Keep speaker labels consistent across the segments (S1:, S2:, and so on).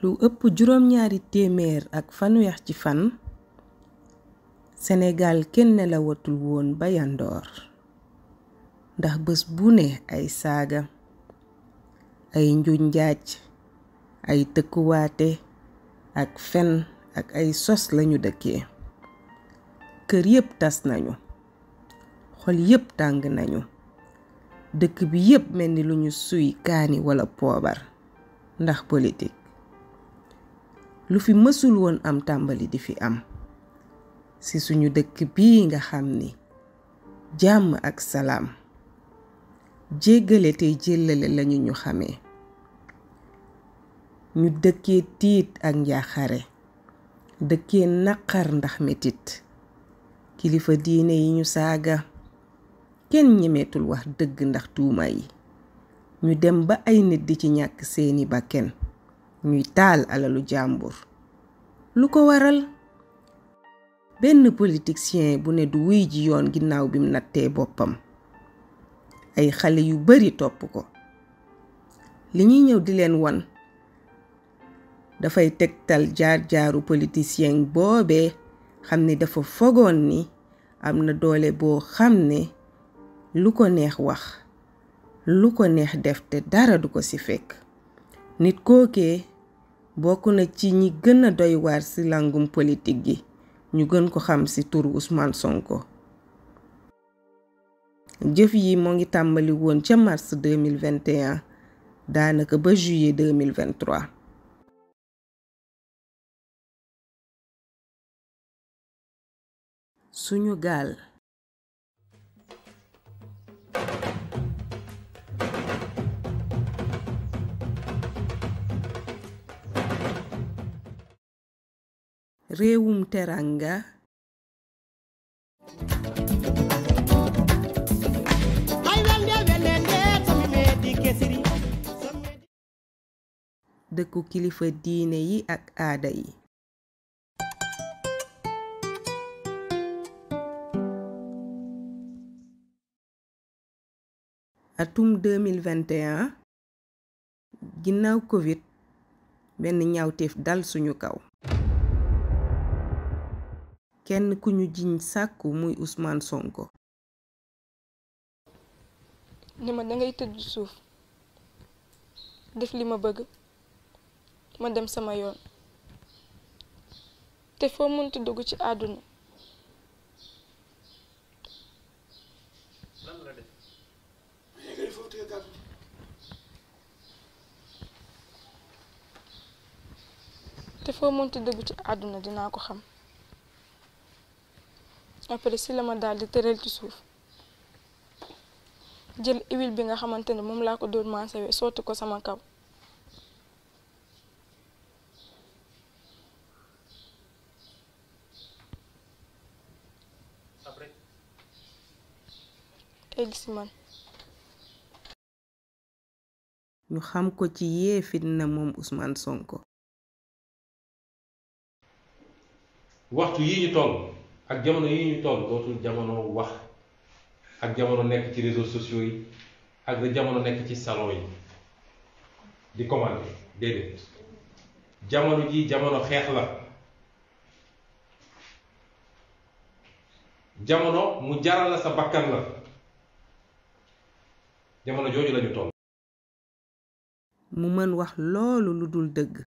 S1: lu ëpp juróom-ñaari téeméer ak fanweex ci fan Sénégal kenn la watul woon bayandoor ndax bés bu ne ay saaga ay njuñ njaaj ay tëkkuwaate ak fen ak ay sos lañu dëkkee kër yépp tas nañu xol yépp tàng nañu dëkk bi yépp mel ni lu ñu suy kaani walla poobar ndax politique lu fi mësul woon am tàmbali di fi am ci suñu dëkk bii nga xam ni jàmm ak salaam jéggale tey jéllale lañu ñu xamee ñu dëkkee tiit ak njaaxare dëkkee naqar ndax metit kilifa diine yi ñu saaga kenn ñemeetul wax dëgg ndax tuuma yi ñu dem ba ay nit di ci ñàkk seeni bàkken ñuy taal alalu jàmbur lu ko waral benn politicien bu ne du wuy ji yoon ginnaaw bi mu nattee boppam ay xale yu bari topp ko li ñuy ñëw di leen wan dafay tegtal jaar-jaaru politicien boobee xam ne dafa fogoon ni am na doole boo xam ne lu ko neex wax lu ko neex def te dara du ko ci fekk nit kookee bokk na ci ñi gën a doy waar ci làngum politique gi ñu gën ko xam ci turu Ousmane Sonko jëf yi mu ngi
S2: tàmbali woon ca mars 2021 daanaka ba juillet 2023 suñu gaal
S1: réewum teranga dëkku kilifa diine yi ak aada yi atum 2021 ginnaaw covid benn ñaawteef dal suñu kaw Ken kunu din sakku mui us mansongo Ne maga y ta di sufu, di lima mabaga, ma dem sa mayon. Te for munti dagutxe adu. Te for munti dagutxe adu nadinakoham. après si la ma daal di tëral ci suuf jël huile bi nga xamante ne moom laa ko doon maasawee sotti ko sama kaw egg si ñu xam ko ci yee fitna moom Ousmane
S2: Sonko waxtu yi ñu toll
S3: ak jamono yi ñu toll dootul jamono wax ak jamono nekk ci réseaux sociaux yi ak la jamono nekk ci salon yi di commandé déedéet jamono ji jamono xeex la jamono mu jaral la sa bakkan la
S2: jamono jooju lañu toll
S1: mu mën wax loolu lu dul dëgg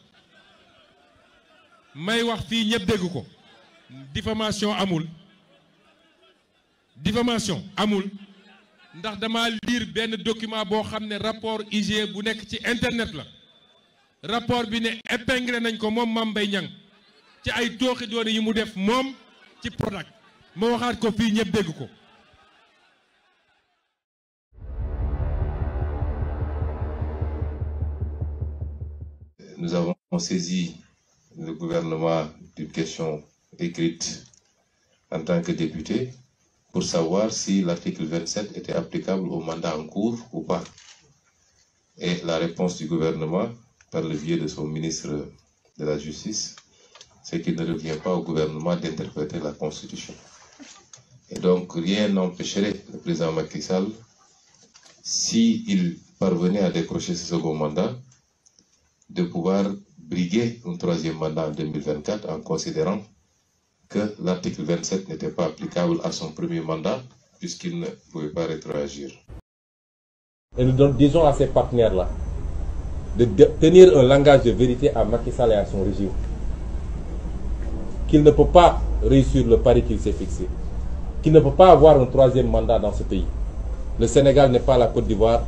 S3: may wax fii ñëpp dégg ko diffamation amul diffamation amul ndax dama lire benn document boo xam ne rapport IG bu nekk ci internet la rapport bi ne épinglé nañ ko moom Mame Mbaye Niang ci ay tooxi doone yi mu def moom ci product ma waxaat ko fii ñëpp dégg ko Nous avons saisi le gouvernement d'une question écrite en tant que député pour savoir si l'article 27 était applicable au mandat en cours ou pas. Et la réponse du gouvernement, par le biais de son ministre de la Justice, c'est qu'il ne revient pas au gouvernement d'interpréter la Constitution. Et donc, rien n'empêcherait le président Macky Sall, s'il parvenait à décrocher ce second mandat, de pouvoir briguer un troisième mandat en 2024 en considérant que l'article 27 n'était pas applicable à son premier mandat puisqu'il ne pouvait pas rétroagir. Et nous disons à ces partenaires-là de tenir un langage de vérité à Macky Sall et à son régime. Qu'il ne peut pas réussir le pari qu'il s'est fixé. Qu'il ne peut pas avoir un troisième mandat dans ce pays. Le Sénégal n'est pas la Côte d'Ivoire.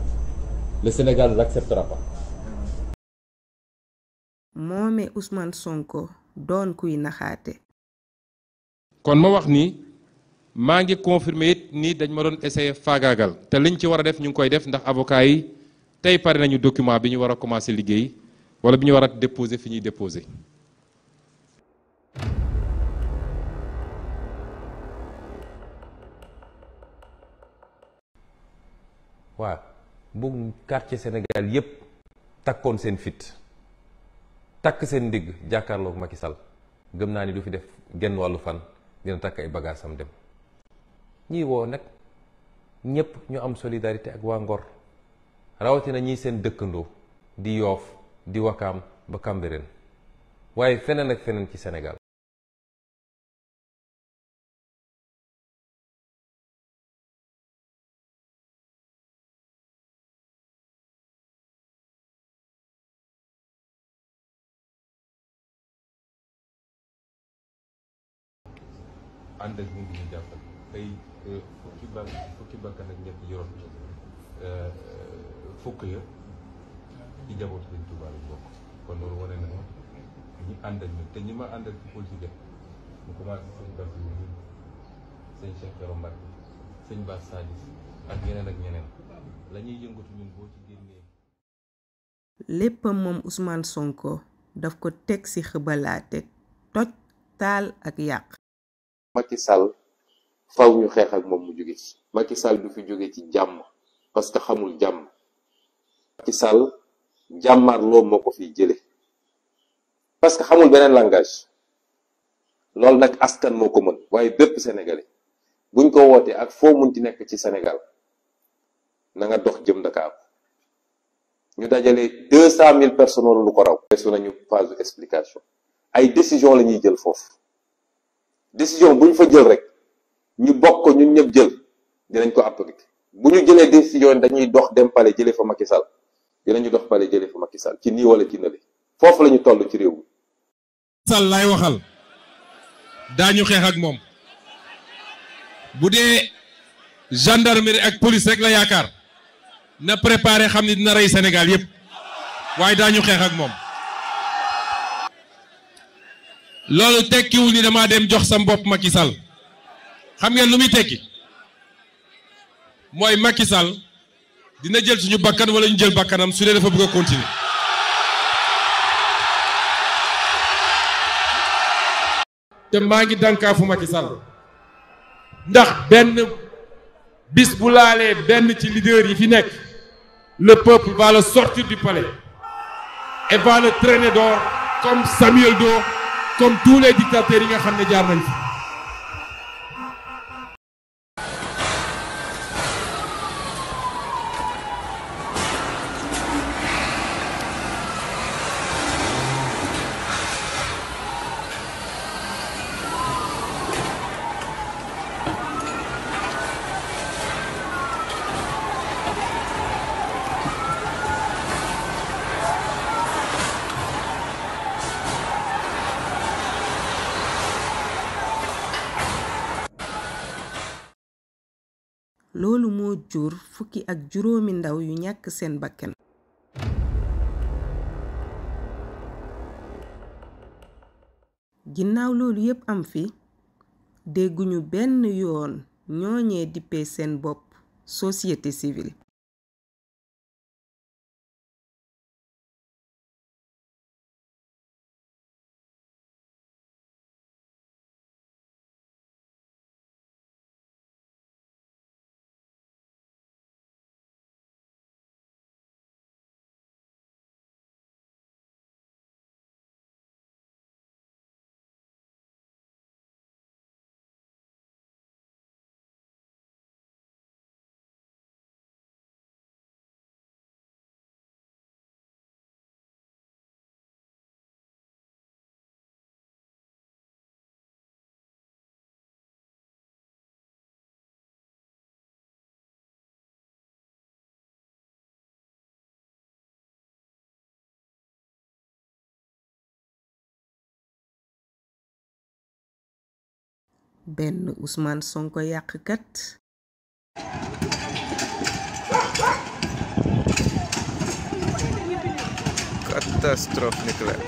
S2: Le Sénégal ne l'acceptera pas.
S1: moome Ousmane Sonko doon kuy naxaate.
S2: kon ma wax ni
S3: maa ngi confirmer it ni dañ ma doon essayer faagaagal te liñ ci war a def ñu ngi koy def ndax avocat tey pare nañu document bi ñu war a commencer liggéey wala bi ñu war a déposer fi ñuy déposer. waaw bu quartier Sénégal yépp takkoon seen fit takk seen ndigg jàkkaarloog Macky Sall gëm naa ni du fi def genn wàllu fan dina takk ay bagages am dem ñii woo nag ñëpp ñu am solidarité ak waa Ngor rawatina ñi seen dëkkandoo di Yoof di Wakaam ba Cambérène
S2: waaye feneen ak feneen ci Sénégal ànd ak ñun ñu jàppal tey euh, fukki ba fukki bakkan ak ñett euh,
S3: ci jabootu Sëriñ Tuubaa lañ bokk kon loolu wane na ñi ak ñun te ñi ci génnee
S1: léppam moom Ousmane Sonko daf ko teg ci xëbalaate toj taal ak yàq
S2: Macky Sall
S3: faw ñu xeex ak moom mu jóge ci Macky Sall du fi jóge ci jàmm parce que xamul jàmm Macky Sall jàmmarloo moo ko fiy parce que xamul beneen langage loolu nag askan moo ko mën waaye bépp sénégalais buñ ko wootee ak foo mun ci nekk ci Sénégal na nga dox jëm Dakar ñu dajale deux cent mille personnes lu ko raw. desu nañu phase d'explication ay décision la ñuy jël foofu. décision bu ñu fa jël rek ñu bokk ko ñun ñëpp jël dinañ ko appliquer bu ñu jëlee décision dañuy dox dem pale jëlee fa Macky Sall dinañu dox pale jëlee fa Macky sal ci nii wala ci nële foofu la ñu toll ci réew mi. Sall laay waxal daañu xeex ak moom bu dee gendarmerie ak police rek la yaakaar na préparer xam ni dina rey Sénégal yépp waaye daañu xeex ak moom. loolu tekkiwul ni dama dem jox sam bopp Macky Sall xam ngeen lu muy tekki moy Macky Sall dina jël suñu bakkan wala ñu jël bakkanam su dafa bëgg continuer. te maa ngi fu Macky Sall ndax benn bis bu laalee benn ci leader yi fi nekk le peuple va le sortir du palais et va le traîner dehors comme Samuel Doe. comme tous les dictateurs yi nga xam ne jaar nañ
S1: Cuur fukki ak juróomi ndaw yu ñàkk seen bakkan ginnaaw loolu yépp am fi dégguñu benn yoon
S2: ñooñee dippee seen bopp société civile ben Ousmane Sonko
S1: yak yàqkat
S3: catastrophe nucléaire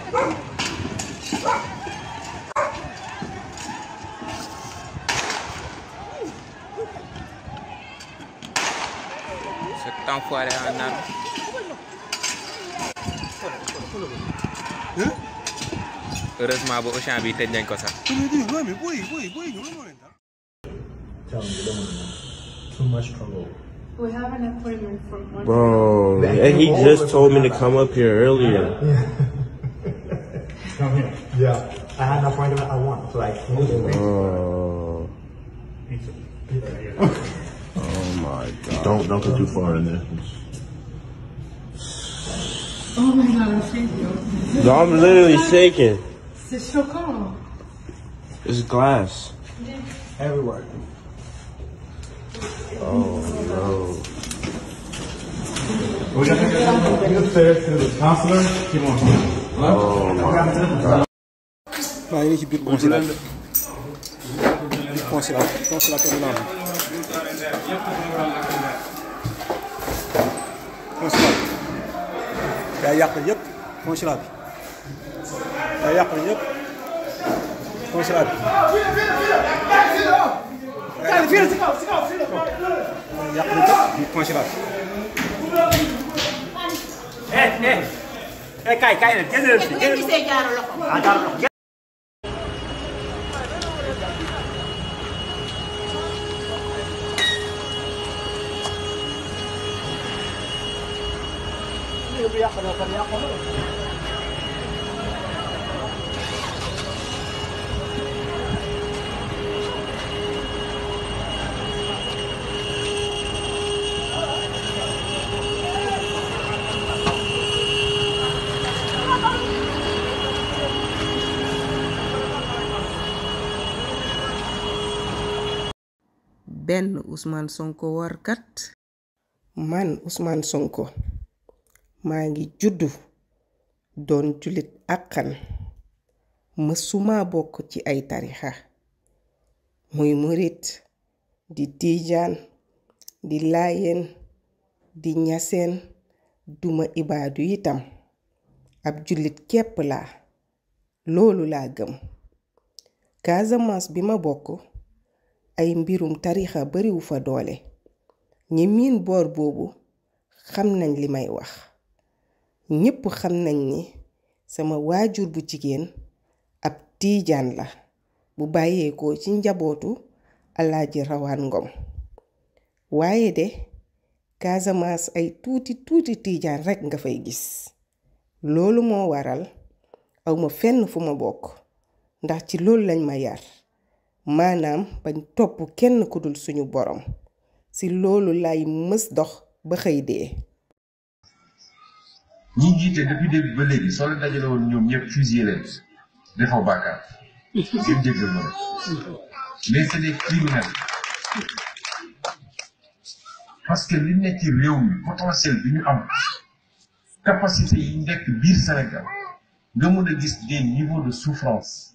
S3: cet enfoiré en arme heureusement bu Auchan
S2: We have an appointment for one. Bro, and he just told me
S3: to come up here earlier. Yeah.
S4: come here. Yeah. I had an appointment at one, so I came here.
S3: Oh. oh my god. Don't don't go too far in there.
S2: Oh my god, I'm shaking. No, I'm literally shaking. C'est choquant. It's glass. Yeah.
S3: Everywhere.
S1: Oh no.
S2: We're gonna go upstairs to the counselor. Keep on. Oh my
S3: god. Vai ele que pica com cilada. Com cilada. Com cilada que é melhor. Com cilada. É a yap, yap. Com cilada. Aí apanha. Congelado.
S2: Vira, vira, vira. Cara, vira, se calma, se calma, vira.
S3: Aí
S1: apanha. Congelado. É,
S4: é. É, cai, cai. Quer dizer, quer dizer.
S1: benn Ousmane Sonko warkat man Ousmane Sonko maa ngi juddu doon jullit àqan mësuma bokk ci ay tarixa muy murit di tiijaan di laayeen di ñaseen duma ibaadu itam ab jullit kepp laa loolu laa gëm Casamance bi ma bokk ay mbirum tarixa bariwu fa doole ñi miin boor boobu xam nañ li may wax ñépp xam nañ ni sama waajur bu jigéen ab tiijaan la bu bàyyeekoo ci njabootu alaaji rawaan ngom waaye de Casamance ay tuuti tuuti tiijaan rekk nga fay gis loolu moo waral awma fenn fu ma bokk ndax ci loolu lañ ma yar maanaam bañ topp kenn ku dul suñu borom ci loolu lay mës dox ba xëy dee.
S3: ñi jiite depuis début ba léegi soo leen dajale woon ñoom ñëpp fusillé leen defoo bàkkaar ngeen jéggal ma mais c'est des criminels parce que li nekk ci réew mi potentiel bi ñu am capacité yi nekk biir Sénégal nga mën a gis des niveaux de souffrance.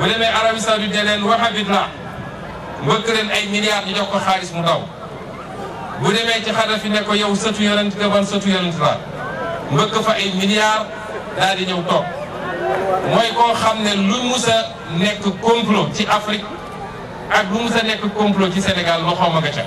S3: ولمي عربي صار بدلين وحبيبنا بكرن أي مليار يجوك خالص مداو ولمي تخرف إنك يا وسط يرن تبان سط يرن ترى بكفى أي مليار لا دينه وتو ما يكون خامن لوموسا نك كومبلو في أفريقيا أدوموسا نك كومبلو في السنغال لخامعة شيء.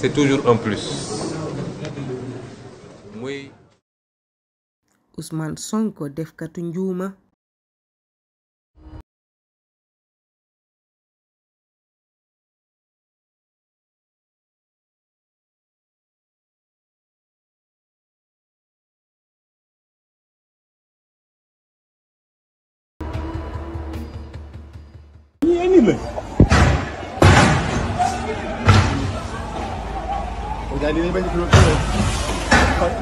S2: c'est toujours un plus muy Ousmane Sonko defkatu njuuma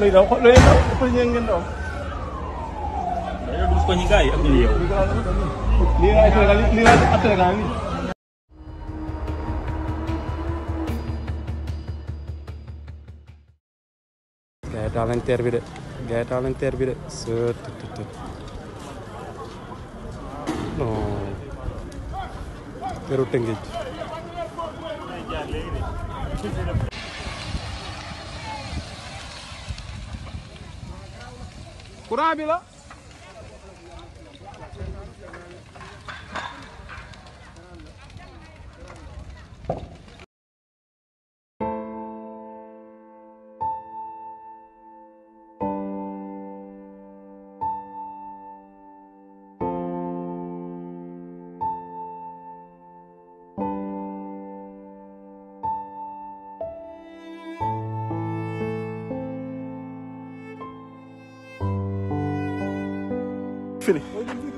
S3: lay daw lay daw ko ñe ngeen daw ko ñi gaay ak ñu yow li ra Sénégal li ra Sénégal ni gaay taal nañ terre bi de gaay taal nañ terre bi tut tut Kurang ambil lah.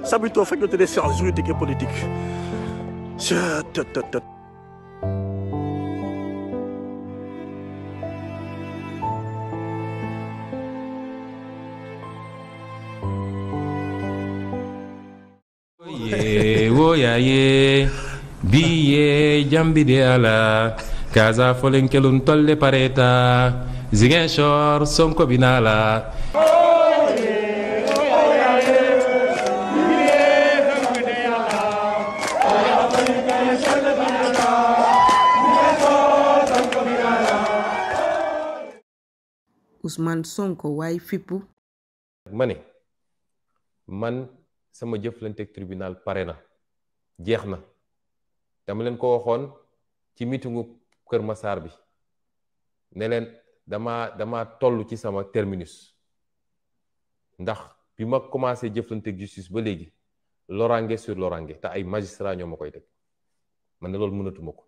S4: Sabito, faculté des sciences juridiques et politiques.
S3: woyaye biye jambide ala kaza folenkelun tolle pareta ziguinchor sonko binala
S1: Ousmane Sonko way fippu.
S3: mané man sama jëflanteeg tribunal parena, na jeex dama len ko waxoon ci mitingu Kër Massar bi ne len dama dama tollu ci sama terminus ndax bima ma commencé jëflanteeg justice ba légui lorange sur lorange te ay magistrat
S2: ñoma koy tek man lool mënatu mako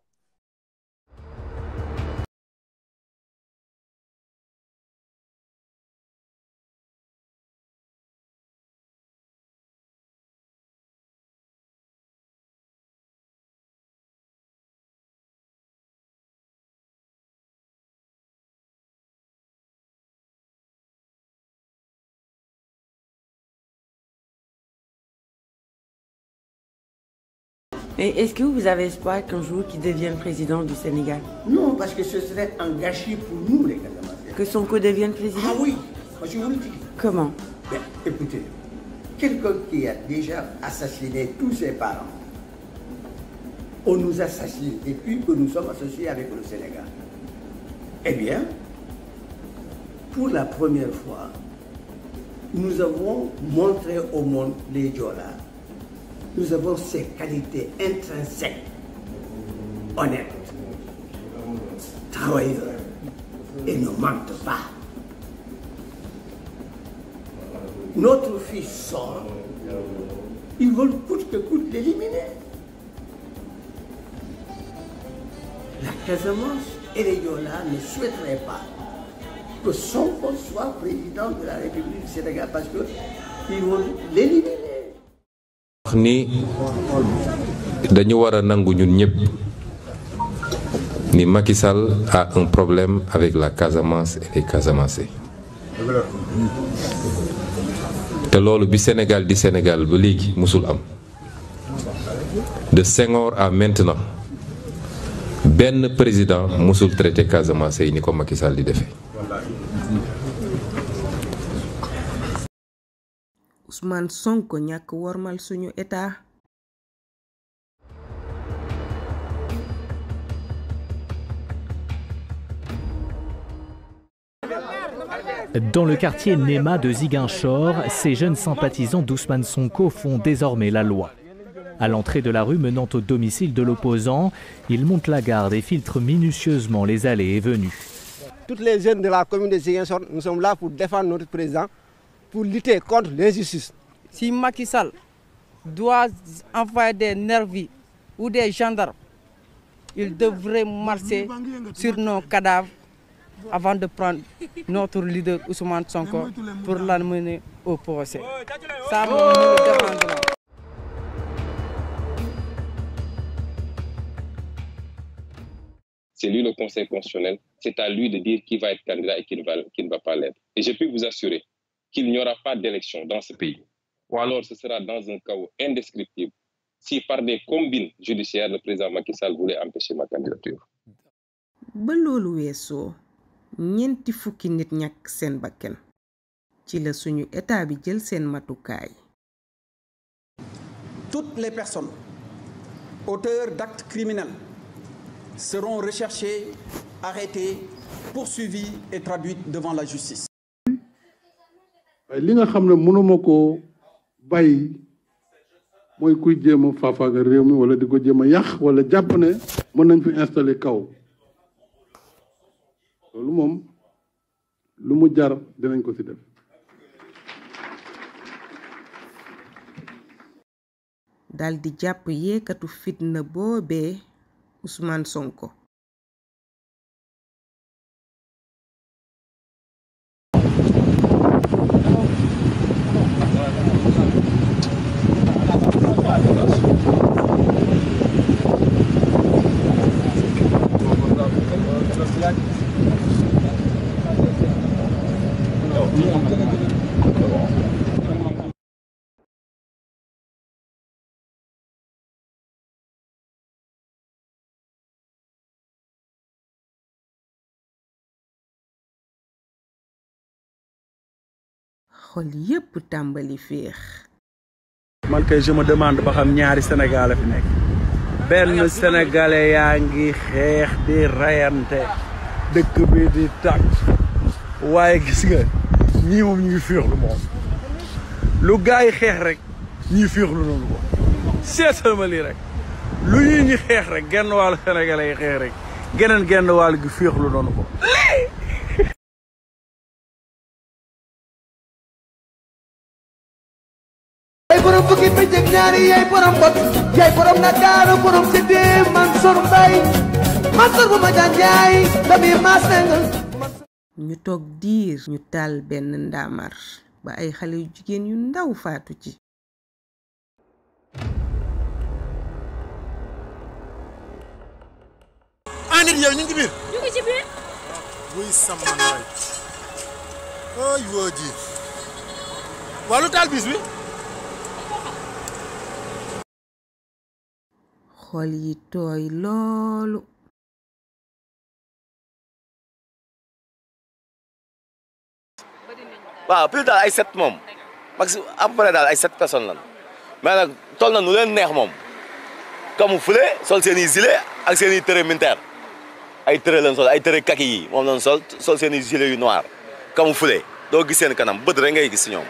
S2: Et est-ce que vous avez espoir qu'un jour qu'il devienne président du Sénégal Non, parce que ce serait un
S4: gâchis pour nous, les Casamançais. Que son co devienne président Ah oui, je vous le dis. Comment ben, Écoutez, quelqu'un qui a déjà assassiné tous ses parents, on nous assassine depuis que nous sommes associés avec le Sénégal. Eh bien, pour la première fois, nous avons montré au monde les Djolas nous avons ces qualités intrinsèques, honnêtes, travailleurs, et ne mentent pas. Notre fils sort, ils veulent coûte que coûte l'éliminer. La Casamance et les Yola ne souhaiteraient pas que son fils soit président de la République du Sénégal parce qu'ils vont l'éliminer
S2: ni
S3: dañu wara a ni makisal a un problème avec la Casamance et les Casamance. té lolu bi Sénégal di Sénégal ba léegi musul am de Senghor à maintenant Ben président musul traité Casamance et ni ko Macky Sall di
S1: Ousmane Sonko wormal suñu état
S2: Dans le quartier Nema de Ziguinchor, ces jeunes sympathisants d'Ousmane Sonko font désormais la loi. À l'entrée de la rue menant au domicile de l'opposant, ils montent la garde et filtrent minutieusement les allées et venues.
S4: Toutes les jeunes de la commune de Ziguinchor, nous sommes là pour défendre notre président pour lutter contre l'injustice. Si Macky Sall doit envoyer des nervis ou des gendarmes, il devrait marcher sur nos cadavres avant de prendre notre leader Ousmane Sonko pour l'amener au procès. Ça,
S3: c'est lui le conseil constitutionnel, c'est à lui de dire qui va être candidat et qui ne va pas l'être. Et je peux vous assurer qu'il n'y aura pas d'élection dans ce pays. Ou alors ce sera dans un chaos indescriptible si par des combines judiciaires le président Macky Sall voulait empêcher ma candidature.
S1: Toutes les personnes
S3: auteurs d'actes criminels seront recherchées, arrêtées, poursuivies et traduites devant la justice. waaye li nga xam ne mënuma koo bàyyi mooy kuy jéem a faafaaga réew mi wala di ko jéem a yàq wala jàpp ne mën nañ fi installé kaw loolu moom lu mu jar dinañ ko ci def
S1: dal di jàpp yéekatu
S2: fitna boobee Ousmane Sonko xol yépp tàmbali féex. man kay je demande ba xam ñaari sénégalais fi nekk
S4: benn sénégalais yaa ngi xeex di rayante dëkk bi di tàkk waaye gis nga ñii moom ñu ngi féexlu moom lu gars yi xeex rek ñii féexlu noonu ko seetal ma lii rek
S2: lu ñuy xeex rek genn wàllu sénégalais yi xeex rek geneen genn wàll gi féexlu noonu ko.
S1: ñu toog diir ñu taal benn ndaamar ba ay xale yu jigéen yu ndaw faatu ci
S2: anit ay waa ji waa lu taal bis bi xol yi tooy loolu waaw plus daal ay sept moom parce que à peu daal ay sept personnes lan mais nag toll na nu leen neex moom
S3: fule sol seen i gilet ak seen i tëré ay tëré lan sol ay tëré kaki yi moom lan sol sol seeni i gilet yu noir fule doo gi seen kanam bët rek ngay gis si ñoom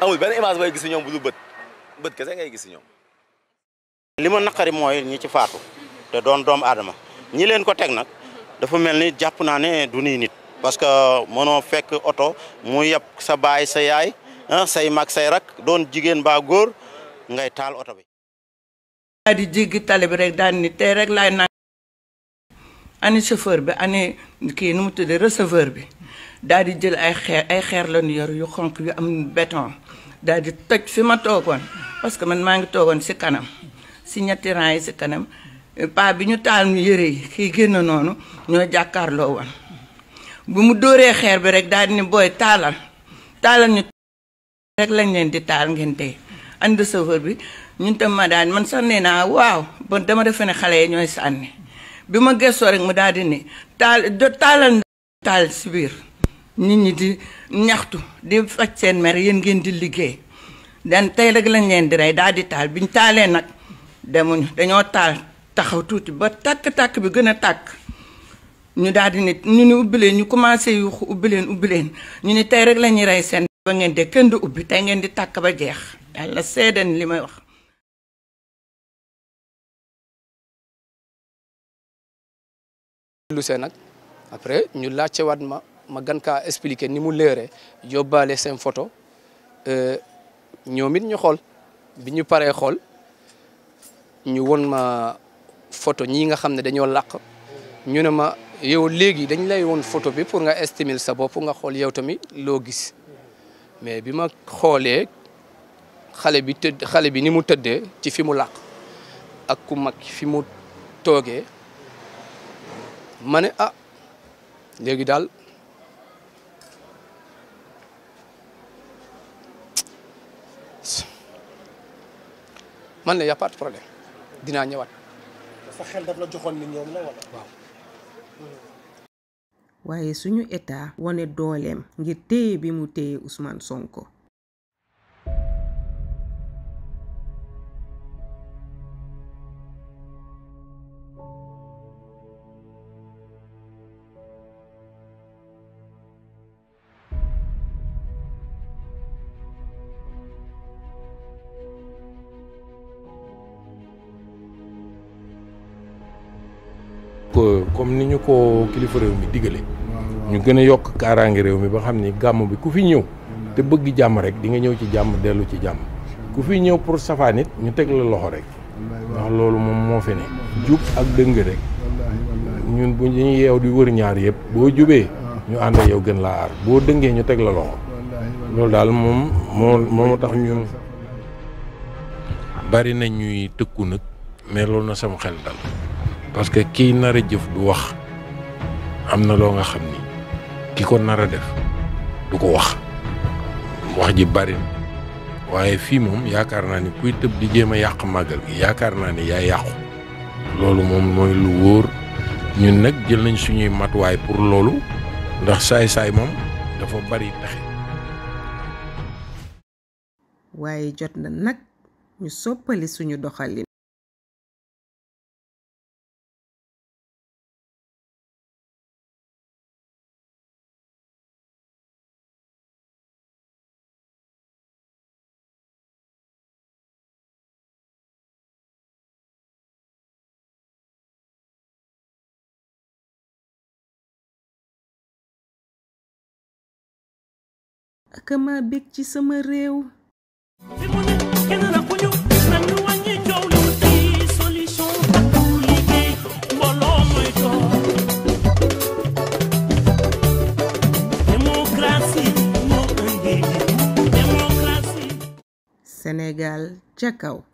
S3: amul benn image bay gis si ñoom bu dul bët bët kese ngay gis si ñoom lima nakari moy ñi ci faatu te doon doom adama ñi leen ko tek nak dafa melni japp na ne du ni nit parce que mënoo fekk auto mu yab sa baay sa yaay ah, say mak say rak doon jigen ba góor ngay taal auto bi
S4: di jigi tali rek daan ni tey rek lay na ani chauffeur bi ani ki nu mu tuddee receveur bi daal di jël ay xeer ay xeer la ñu yor yu xonk yu am béton daal di tej fi ma togon parce que man ma ngi togon ci kanam si ñetti rang yi si kanam euh, pa bi ñu taal ñu yëre yi kii génn noonu ñoo jàkkaarloo woon bu mu dóoree xeer bi rek daal ni booy taalal taalal ñu rek lañ di taal ngeen dee andi bi ñun tam ma daal man sax nee naa waaw ba dama defe ne xale yi ñooy sànni bi ma gëstoo rek mu daal di ne taal si biir nit ñi di ñaxtu di faj seen mer yéen ngeen di liggéey dan tey rek lañ leen di rey daal taal biñ taalee nag demuñu dañoo taal taxaw tuuti ba tàkk-tàkk bi gën a tàkk ñu daal di ñu ni ubbi leen ñu commencé yuuxu ubbi leen ubbi leen ñu ni tey rek la ñuy rey seen ba ngeen de kenn du ubbi
S2: tey ngeen di tàkk ba jeex yàlla seeden li may wax lu see nag après ñu laajte waat ma ma gan kaa ni mu leere yóbbaale seen photo
S4: euh, ñoom it ñu xool bi ñu paree xool ñu won ma photo ñii nga xam ne dañoo làq ñu ne ma yow léegi dañ lay won photo bi pour nga estimer sa bopp nga xool yow tamit loo gis mais bi ma xoolee xale bi tëdd xale bi ni mu tëddee ci fi mu làq ak ku mag fi mu toogee ma ne ah léegi daal man la y problème dinaa
S3: ñëwaat. sa la joxoon
S1: waaye suñu état wone dooleem ngir téye bi mu téye Ousmane Sonko.
S3: comme niñu ko kilifa rew mi digale ñu gëna yok yokk rew mi ba xamni gam bi ku fi ñew te bëgg jamm rek di nga ñew ci jamm dellu ci jamm ku fi ñew pour safa nit ñu teg la loxo rek wax loolu mom mo fi ne juk ak dëng rek ñun bu ñu di wër ñaar yépp bo jubé ah. ñu ànd yow gën la ar bo ñu la loxo loolu dal mom mo mo tax ñun bari na ñuy mais loolu na sama xel dal parce que kiy nara a jëf du wax am na loo nga xam ni ki ko nara def du ko wax wax ji bari waaye fii moom yaakaar naa ni kuy tëb di jéem a yàq màggal gi yaakaar naa ni yaa yàqu loolu moom mooy lu wóor ñun nag jël nañ suñuy matuwaay pour loolu ndax saay-saay moom dafa bari taxe
S2: waaye jot na nag ñu soppali suñu doxalin que bég ci sama réew senegal ca kaw